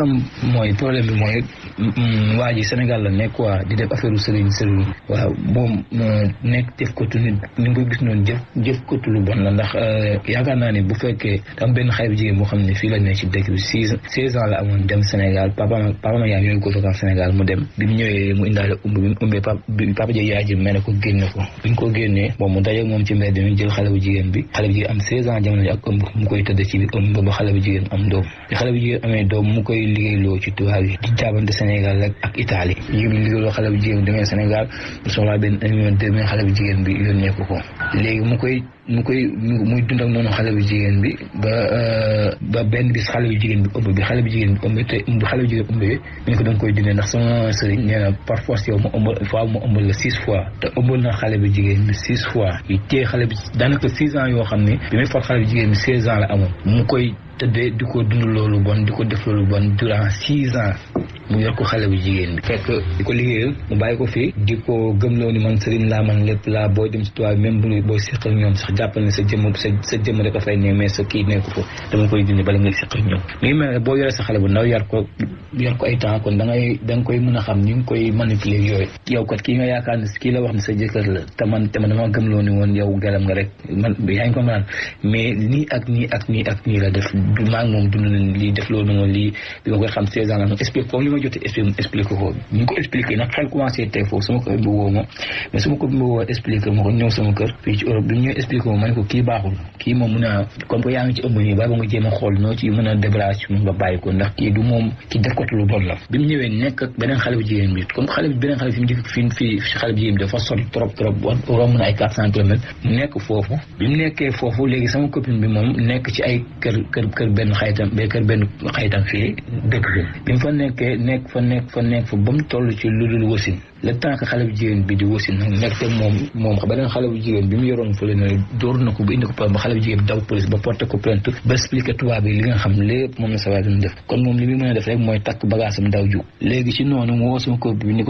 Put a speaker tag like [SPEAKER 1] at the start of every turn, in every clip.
[SPEAKER 1] am mooy problème bi mooy mm, waa Sénégal la nekk quoi di def affaire sëriñ sëriñ waaw moom nekk jëf ko tu nit ni ko gis noonu jëf jëf ko lu bon la ndax euh, yaakaar naa ne bu fekkee tam benn xale bu jigéen boo xam ne fii la ne ci dëkk bi six la amoon dem Sénégal papa papa yaay yooyu ko mu dem bi mu ñëwee mu indaale umb bi mu umbee papa papa ji yaay ji mel ne ko génne ko bi ñu ko génnee moom mu dajeeg moom ci mbedd mi jël xale bu jigéen bi xale bu am seize ans jamono ji ak ëmb mu koy tëdd ci biir ëmb ba xale bu jigéen am doom xale bu jigéen amee doom mu koy liggéeyloo ci tubaab yi di jaabante Sénégal ak ak Italie ñu ngi liggéeyloo xale bu jigéen bi demee Sénégal bu soxlaa benn un million deux million xale bu jigéen bi yónnee ko ko léegi mu koy mu koy muy dundak noonu xale bu jigéen bi ba euh, ba benn bis xale bu jigéen bi ëmb bi xale bu jigéen bi te xale bu jigéen ëmb bi ñu ko da koy dundee ndax sama sëriñ nee na par force yow mu ëmbal fois mu ëmbal la six fois te ëmbal na xale bu jigéen bi six fois yu téye xale bi daanaka six ans yoo xam ne bi muy far xale bu jigéen bi seize ans la amoon mu koy tëdde di ko dund loolu bon di ko def loolu bon durant six ans mu yor ko xale bu jigéen bi fekk di ko liggéeyal mu bàyyi ko fii di ko gëmloo ni man sëriñ laa man lépp laa booy dem si tubaab même bu ñoom sax jàppal ne sa jëmm sa a fay sa kii nekku ko dama koy dindi bala ngay boo yoree xale bu ndaw yar ko yar ko ay temps kon da ngay da koy mën a xam ñu ngi koy manipuler yooyu yow kat kii nga yaakaar ne kii la wax ne sa jëkkër la te man te man dama gëmloo ni woon yow galam nga rek man yaa ngi ko naan mais nii ak nii ak nii ak nii la def maa ngi moom dund lii def loolu moom lii bi nga koy xam seize ans la ma jotee expliqué ko ñu ko expliqué nag xel commencé tey foofu sama kër bi woo ma mais sama kër bi mun a comme que yaa ngi ci ki def ko lu bon la bi mu ñëwee nekk ak bi comme xale bi beneen xale fi mu jëkk fi fii nekk foofu bi nekkee foofu léegi sama copine bi moom nekk ci ay kër kër kër benn xayitam ba kër benn xayitam fii dëkk bi nekk fa nekk fa nekk fa ba mu toll ci lu dul wasin le temps que xale bu jigéen bi di wasin nekk te moom moom beneen xale bu jigéen bi mu yoroon fële ne na ko ba indi ko problème ba xale bu jigéen bi daw ba porté ko ba expliqué ko bi ni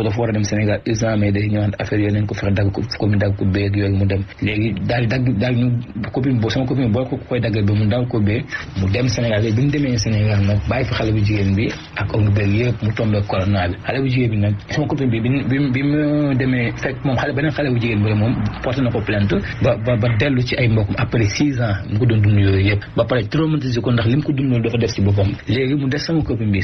[SPEAKER 1] ba mu dem Sénégal bi mu demee Sénégal nag bàyyi fa xale bu jigéen bi ak ong béeg yëpp mu tombé corona bi xale bu jigéen bi nag sama copine bi mu bi mu demee fekk moom xale beneen xale bu jigéen bi moom porté na ko plainte ba ba dellu ci ay mbokkum après six ans mu ko doon dund yooyu yëpp ba pare traumatisé ko ndax li mu ko dund dafa def du ko wéy bu ko ndax sama copine mu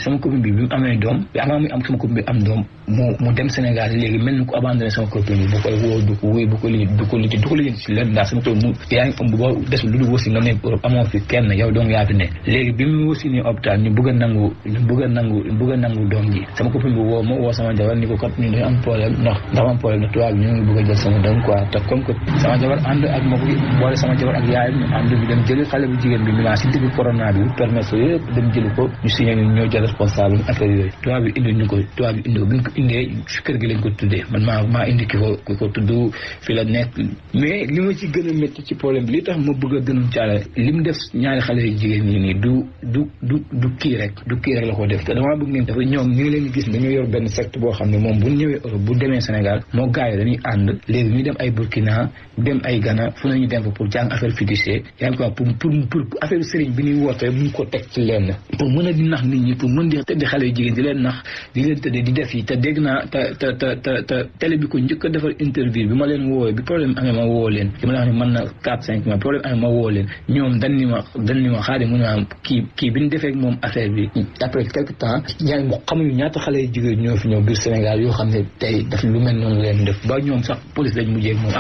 [SPEAKER 1] yaa ngi boo des lu dul wasi nga ne Europe fi kenn yow dong yaa ne léegi bi mu wasi ni ñu bëgg a nangu ñu bëgg a nangu a nangu doom ji sama copine bi woo ma woo sama jabar ni ko kat ñu dañu am problème ndax dafa am problème ndax tubaab bi ñu ngi a jël sama doom quoi te comme que sama jabar ànd ak ma ko boole sama bi dem jëli xale bu ko ñu signé ñu ñoo jël responsable affaire yooyu tubaab bi indi la nekk a métti ci problème li tax a gën a caale li mu def ñaari xale yu jigéen ñi nii du du du kii rek du kii rek la ko def te damaa bëgg ngeen dafa ñoom ñu ngi leen gis dañoo yor benn secte boo xam ne moom bu ñëwee fa bu demee Sénégal moo gars yi dañuy ànd léegi ñuy dem ay Burkina dem ay Ghana fu nañu dem fa pour jàng affaire fiduciaire yaa ngi quoi pour affaire bi ko a njëkk a defar interview bi ma leen woowee bi problème amee ma woo leen li ma la wax ne mën na quatre cinq mois problème amee ma woo leen ñoom dañ ma dañ ma xaari mu ne ma kii bi ñu defee moom affaire bi après quelque temps ñaan xamuñu ñaata xale yu jigéen ñoo fi ñëw biir Sénégal yoo xam tey daf lu mel noonu leen def ba ñoom sax police lañ mujjee moom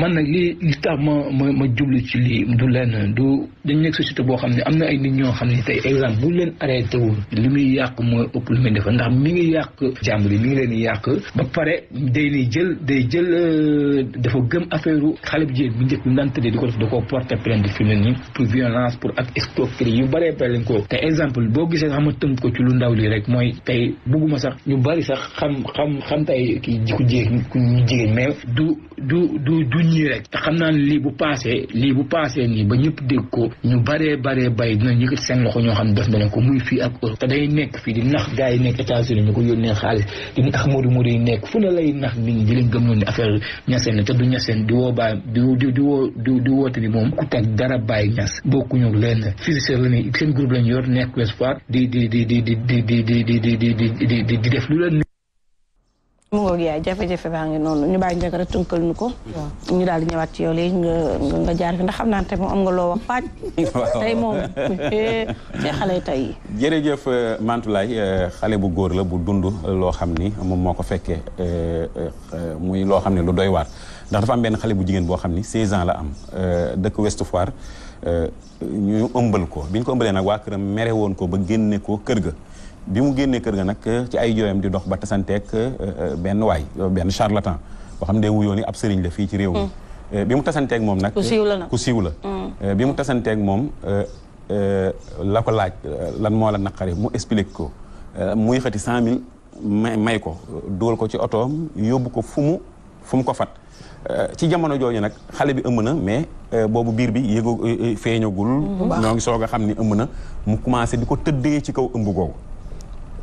[SPEAKER 1] man nag li li tax ma ma ma ci lii du lenn du dañ nekk société boo xam ne am na ay nit ñoo xam ne tey exemple bu leen arrêté wul li muy yàq mooy ëpp lu muy defal ndax mi ngi yàq jàmbur yi mu ngi leen di yàq ba pare day ni jël day jël euh, dafa gëm affaire xale bi jigéen bu njëkk bi daan tëddee di ko def da koo porter plainte fi mu ne nii pour violence pour ak escroquerie yu bëree bëri lañ ko te exemple boo gisee sax ma tënk ci lu ndaw li rek xam xam xam te ay kii ku jigéen ku jigéen mais du du du du ñii rek te xam naa ne lii bu paasee lii bu paasee nii ba ñëpp dégg ko ñu baree baree bay dina yëkkati seen loxo ñoo xam ne def na ko muy fii ak Europe te day nekk fii di nax gars yi nekk États-Unis ñu ko yónnee xaalis di nax mari mari yi nekk fu ne lay nax nit ñi di leen gëm noonu affaire ñaseen la te du ñaseen di woo baay di di di woo di di woote bi moom ku teg dara bàyyi ñas bokkuñu leen fisiser la ni seen groupe lañ yor nekk espoir di di di di di di di di di di di di di lu leen mu ngoog yaay
[SPEAKER 2] jafe-jafe baa ngi noonu ñu bàyyi njëkk rek tënkal ñu ko. Mm-hmm. ñu daal di ñëwaat ci yow léegi nga nga jaar fi ndax xam naa ne moom am nga loo wax paaj. tey moom tey xale
[SPEAKER 3] jërëjëf euh, Mantoulaye euh, xale bu góor la bu dund loo xam ni moom moo ko fekkee euh, muy loo xam ne lu doy waar ndax dafa am benn xale bu jigéen boo xam ni 16 ans la am dëkk Ouest Foire ñu ëmbal ko biñ ko ëmbalee nag waa këram mere woon ko ba génne ko kër ga. bi mu génnee kër ga nag euh, ci ay jooyam di dox ba tasanteeg euh, euh, benn waay benn charlatan boo xam ne day wuyoo ni ab sëriñ la fii ci réew mi mm. bi mu tasanteeg moom nag ku siiw la mm. bi mu tasanteeg moom la ko laaj lan moo la naqari mu explique ko muy xati cent mille may may ko dugal ko ci otoom yóbbu ko fu mu fu mu ko fat ci jamono jooju nag xale bi ëmb na mais boobu biir bi yëgoo feeñagul mm-hmm. ñoo ngi soog a xam ni ëmb na mu commencé di ko tëddee ci kaw ëmb googu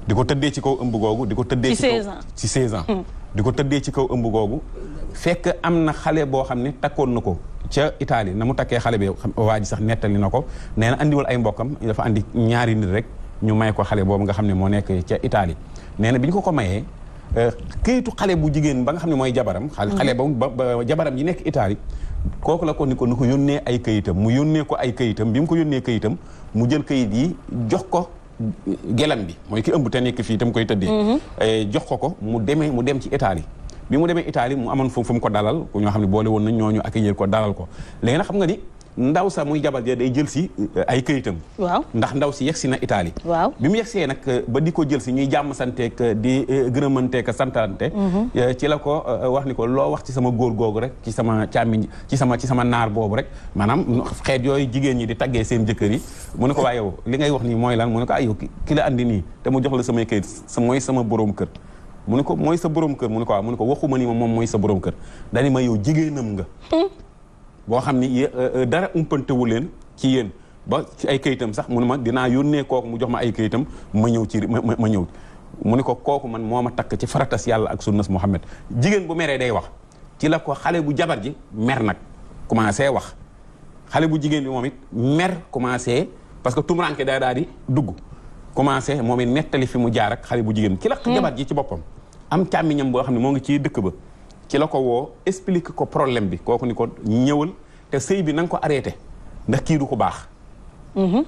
[SPEAKER 3] di ko tëddee ci kaw ëmb googu di ko tëddee ci kaw ci 16 ans mm. di ko tëddee ci kaw ëmb googu fekk am na xale boo xam ne takkoon na ko ca Italie na mu takkee xale bi waa ji sax nettali na ko nee na andiwul ay mbokkam dafa andi ñaari nit rek ñu may ko xale boobu nga xam ne moo nekk ca Italie nee na bi ñu ko ko mayee euh, këyitu xale bu jigéen ba nga xam ne mooy jabaram xale mm-hmm. ba jabaram yi nekk Italie kooku la ko ni ko ni ko yónnee ay këyitam mu yónnee ko ay këyitam bi mu ko yónnee këyitam mu jël këyit yi jox ko gelam bi mooy ki ëmb te nekk fii tam koy tëddee. Mhm. Eh, jox ko ko mu demee mu dem ci Italie bi mu demee Italie mu amoon fu mu ko dalal ku ñoo xam ne boole woon nañ ñooñu accueillir ko dalal ko léegi nag xam nga ni ndaw sa muy jabal ja day jël si euh, ay këyitam waaw ndax ndaw si yegsi na Italie waaw bi mu yegsee nag euh, ba di ko jël si ñuy jàmm santeek euh, di gërëmanteek santante mhm. ci la ko wax ni ko loo wax ci sama góor googu rek ci sama càmmiñ ci sama ci sama naar boobu rek maanaam xeet yooyu jigéen ñi di taggee seen jëkkër yi mu ne ko waa yow li ngay wax nii mooy lan mu ne ko ah yow ki la andi nii te mu jox la samay këyit sa mooy sama boroom kër mu ne ko mooy sa boroom kër mu ne ko waaw mu ne ko waxuma ni moom mooy sa boroom kër dani ma jigéenam nga hmm. boo xam ni euh, euh, dara umpantewu leen ci yéen ba ci ay kayitam sax mu ne ma dinaa yónnee kooku mu jox ma ay kayitam ma ñëw ci ma ma ñëw mu ne ko kooku man moo ma takk ci faratas yàlla ak sunnas Muhammad jigéen bu meree day wax ci la ko xale bu jabar ji mer nag commencé wax xale bu jigéen bi moom it mer commencé parce que tumuranke daa daal di dugg commencé moom it nettali fi mu jaar ak xale bu jigéen ci la hmm. jabar ji ci boppam am càmmiñam boo xam ne moo ngi ci dëkk ba ci la ko woo explique ko problème bi kooku ni ko ñëwal te sëy bi nan ko arrêté ndax kii ko baax.
[SPEAKER 2] Mhm.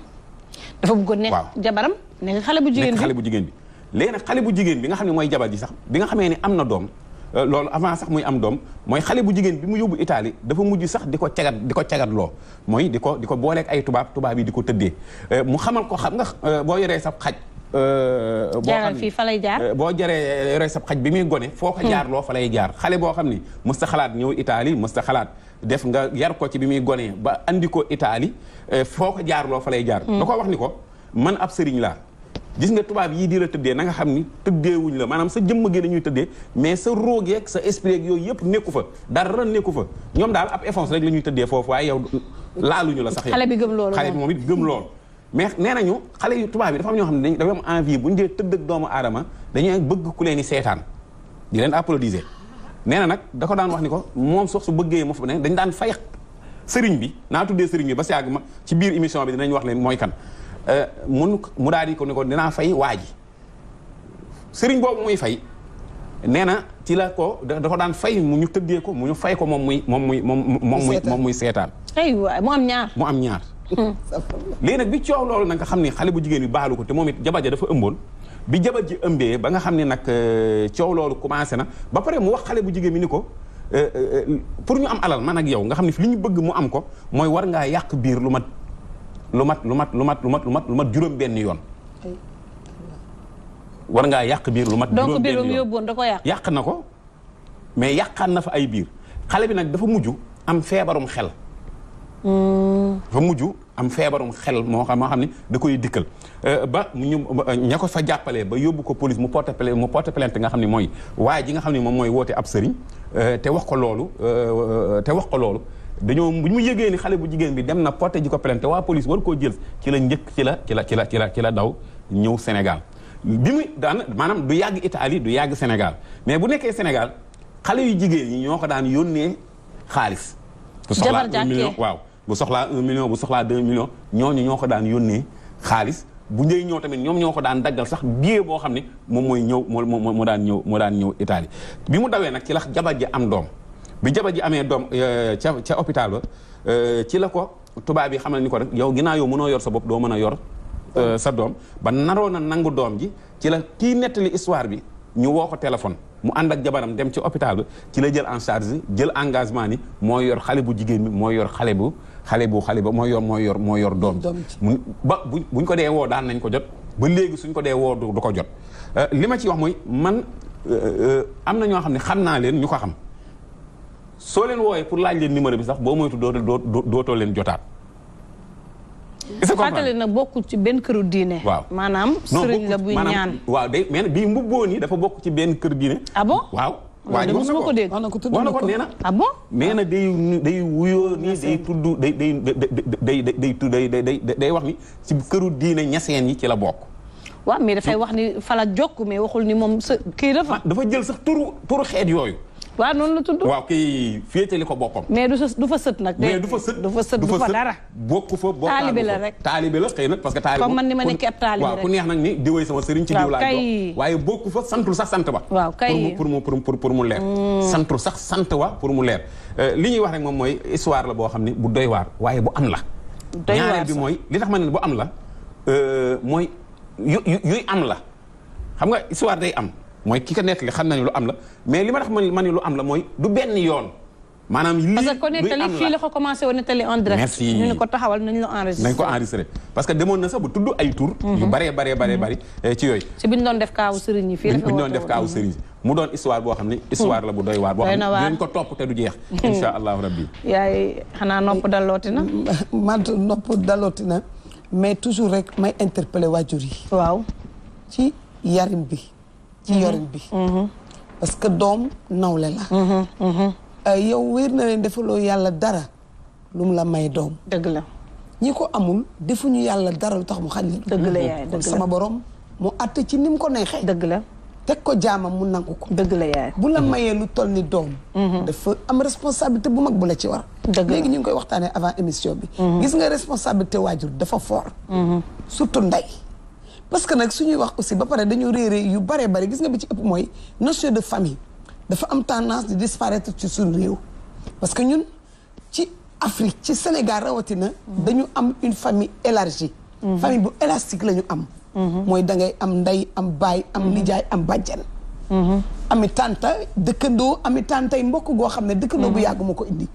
[SPEAKER 2] dafa bëggoon nekk jabaram nekk xale
[SPEAKER 3] bu jigéen bi xale bu jigéen bi. léegi nag xale bu jigéen bi nga xam ne mooy jabar ji sax bi nga xamee ni am na doom euh, loolu avant sax muy am doom mooy xale bu jigéen bi mu yóbbu Italie dafa mujj sax di ko cagat di ko cagat loo mooy di ko di ko booleeg ay tubaab tubaab yi di ko tëddee euh, mu xamal ko xam nga euh, boo yoree sa xaj Euh, jaaral fii fa jaar euh, boo jaree yore euh, sab xaj bi muy gone. foo ko hmm. jaar loo fa lay jaar xale boo xam ni mësta xalaat ñëw Italie mësta xalaat def nga yar ko ci bi muy gone ba andi ko Italie foo ko jaar loo fa lay jaar. Hmm. da ko wax ni ko man ab sëriñ laa. gis nga tubaab yii di la tëddee na nga xam ni tëddeewuñ la maanaam sa jëmm gi la ñuy tëddee mais sa roogeeg sa esprit ak yooyu yëpp nekku fa dara nekku fa ñoom daal ab effort rek la tëddee foofu waaye yow laaluñu la sax yow. xale gëm loolu xale moom it gëm mais nee nañu xale yu tubaab yi dafa am ñoo xam ne dafa am envie bu ñu dee tëdd ak doomu aadama dañuy bëgg ku leen di seetaan di leen applaudiser nee na nag da daan wax ni ko moom sax su bëggee moo fa ne dañ daan fay sëriñ bi naa tuddee sëriñ bi ba si àgg ci biir émission bi dinañ wax ne mooy kan euh, mun mu daal di ko ni ko fay waa ji sëriñ boobu muy fay nee na ci ko da ko daan fay mu ñu tëddee ko mu ñu fay ko moom muy moom muy moom moom muy seetaan
[SPEAKER 2] ay waay mu am ñaar mu am ñaar léegi
[SPEAKER 3] nag bi coow loolu nag nga xam ne xale bu jigéen bi baalu ko te moom it jabar ja dafa ëmboon bi jabar ji ëmbee ba nga xam ne nag euh, coow loolu commencé na ba pare mu wax xale bu jigéen bi ni ko euh, euh, pour ñu am alal man ak yow nga xam ne fi li ñu bëgg mu am ko mooy war ngaa yàq biir lu mat lu mat lu mat lu mat lu mat lu mat lu mat juróom benn yoon war ngaa yàq biir lu mat donc biir mu yóbboon yàq yàq na ko mais yàqaan na fa ay biir xale bi nag dafa mujj am feebarum xel
[SPEAKER 2] ba
[SPEAKER 3] mujj am feebarum xel moo xam moo xam ni da koy dikkal euh, ba ñu ña ko sa jàppalee ba yóbbu ko police mu porte plainte mu porte plainte nga xam ni mooy waaye ji nga xam ne moom mooy woote ab sëriñ euh, te wax ko loolu euh, te wax ko loolu dañoo bu mu yëgee ni xale bu jigéen bi dem na porté ji ko plainte waa police war koo jël ci la njëkk ci la ci la ci la ci la la daw ñëw Sénégal bi mu daan maanaam du yàgg Italie du yàgg Sénégal mais bu nekkee Sénégal xale yu jigéen ñi ñoo ko daan yónnee xaalis. jabar jàkkee waaw. bu soxlaa un million bu soxlaa deux millions ñooñu ñoo ko daan yónnee xaalis bu njëy ñëw tamit ñoom ñoo ko daan daggal sax billet boo xam ne moom mooy ñëw moo moo daan ñëw moo daan ñëw Italie bi mu dawee nag ci la jabar ji am doom bi jabar ji amee doom euh, ca ca hôpital ba euh, ci la ko tubaab yi xamal ni ko rek yow ginnaaw yow mënoo yor sa bopp doo mën a yor euh, sa doom ba naroon a nangu doom ji ci la kii nettali histoire bi ñu woo ko téléphone mu ànd ak jabaram dem ci hôpital ba ci la jël en charge jël engagement ni moo yor xale bu jigéen bi mooy yor xale bu xale bu xale ba moo yor moo yor moo yor doom bi ba bu buñ ko dee woo daan nañ ko jot ba léegi suñ ko dee woo du ko jot euh, li ma ci wax mooy man euh, euh, am na ñoo xam ne xam naa leen ñu ko xam soo leen wooyee pour laaj leen numéro bi sax boo moytu doo dootoo leen jotaat
[SPEAKER 2] gis nga na bokkul ci benn këru diine. waaw maanaam sëriñ la buy ñaan.
[SPEAKER 3] waaw day mais bii mbubboo nii dafa bokk ci benn kër diine. ah bon waaw. waa ji wax na
[SPEAKER 2] ko na ko tudd na ko nee na.
[SPEAKER 3] ah bon nee na day day wuyoo nii day tudd day day day day day day day wax ni ci këru diine ñaseen yi ci la bokk.
[SPEAKER 2] waaw mais dafay wax ni fala jokk mais waxul ni moom sa kii dafa. Ah,
[SPEAKER 3] dafa jël sax turu turu xeet yooyu.
[SPEAKER 2] waaw noonu la tudd waaw
[SPEAKER 3] kii féetali ko boppam
[SPEAKER 2] mais du fa sët nag mais du fa
[SPEAKER 3] sët du fa sët du fa dara bokku fa bokk taalibe la rek taalibe la xëy nag parce que taalibe comme man ma nag ni di wéy sama sëriñ ci diw laa jox waaye bokku fa santul sax sant ba waaw kay pour mu pour pour mu leer mm. santul sax sant wa pour mu leer euh, li ñuy wax rek moom mooy histoire la boo xam ne bu doy waar waaye bu am la ñaareel bi mooy li tax ma ne boo am la euh, mooy yuy am la xam nga histoire day am mooy ki nekk nettali xam na lu am la mais li ma tax man lu am la mooy du benn yoon. maanaam lii parce que
[SPEAKER 2] commencé woon ne ko taxawal nañu la enregistré. ko
[SPEAKER 3] enregistré parce que demoon na sax bu tudd ay tur. yu mhm. baree baree baree mhm. bari eh, ci yooyu.
[SPEAKER 2] ci bi ñu doon def kaawu sëriñ yi fii la fi doon def
[SPEAKER 3] kaawu sëriñ yi mu doon histoire boo xam ne mhm. histoire la bu doy waar boo xam
[SPEAKER 2] ne nopp dalooti na man mais toujours rek may interpellé waajur yi waaw ci yarim bi ci mhm. yorin bi mhm. parce que doom nawle la mhm. Euh, yow wér na leen defaloo yàlla dara lu mu la may doom dëgg la ñi ko amul ñu yàlla dara lu tax mu xañ leen dëgg yaay kon sama borom mu àtte ci ni mu ko neexee dëgg la teg ko jaamam mu nangu ko dëgg la yaay bu la mayee lu toll ni doom dafa am responsabilité bu mag bu la ci war léegi ñu ngi koy waxtaanee avant émission bi gis nga responsabilité waajur dafa fort surtout ndey parce que nag suñuy wax aussi ba pare dañu réere yu baree bari gis nga bi ci ëpp mooy notion de famille dafa am tendance di disparaître ci suñu réew parce que ñun ci Afrique ci Sénégal rawatina dañu am une famille élargie mhm. famille bu élastique la ñu am mhm. mooy da ngay am ndey am baay am lijaay mhm. am bàjjen ami tanta dëkkandoo ami tantay mbokk goo xam ne dëkkandoo bu yàgg moo ko indi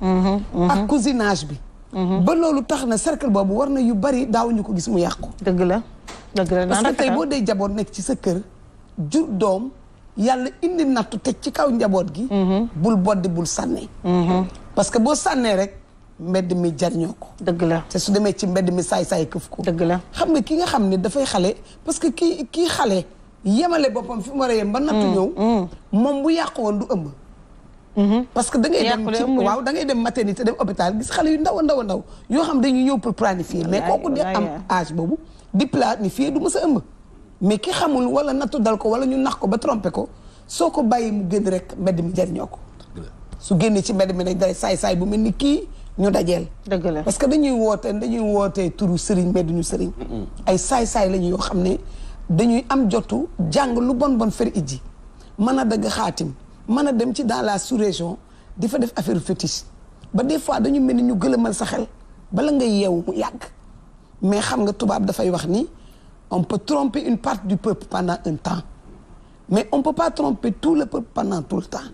[SPEAKER 2] ak cousinage bi ba loolu tax na cercle boobu war na yu bari daawuñu ko gis mu yàqu dëgg la parce que tey boo dee jaboot nekk ci sa kër jur doom yàlla indi nattu teg ci kaw njaboot gi mhm. bul boddi bul sànni mhm. parce boo sànnee rek mbedd mi jariñoo ko dëgg la te su demee ci mbedd mi saay-saay këf ko dëgg la xam nga ki nga xam ne dafay xale parce que kii kii xale yemale boppam fi mu war a yem ba nattu mm, ñëw mm. moom bu yàqu woon du ëmb mhm. parce que da ngay dem ci waaw da ngay dem maternité dem hôpital gis xale yu ndaw a ndaw a ndaw yoo xam dañuy ñëw pour planifier mais kooku di am a boobu di planifier du mës a ëmb mais ki xamul wala nattu dal ko wala ñu nax ko ba trompé ko soo ko bàyyi mu génn rek mbedd mi jariñoo ko su génnee ci mbedd mi nag day saay-saay bu mel ni kii ñu dajeel dëgg parce que dañuy wootee dañuy wootee turu sëriñ mais ñu sëriñ ay saay-saay lañu yoo xam ne dañuy am jotu jàng lu bon bon fer iji mën a dagg xaatim mën a dem ci dans la sous-région di fa def affaire fétiche ba des fois dañu mel ni ñu gëlëmal sa xel bala ngay yeewu mu yàgg mais xam nga on peut tromper une partie du peuple pendant un temps mais on ne peut pas tromper tout le peuple pendant tout le temps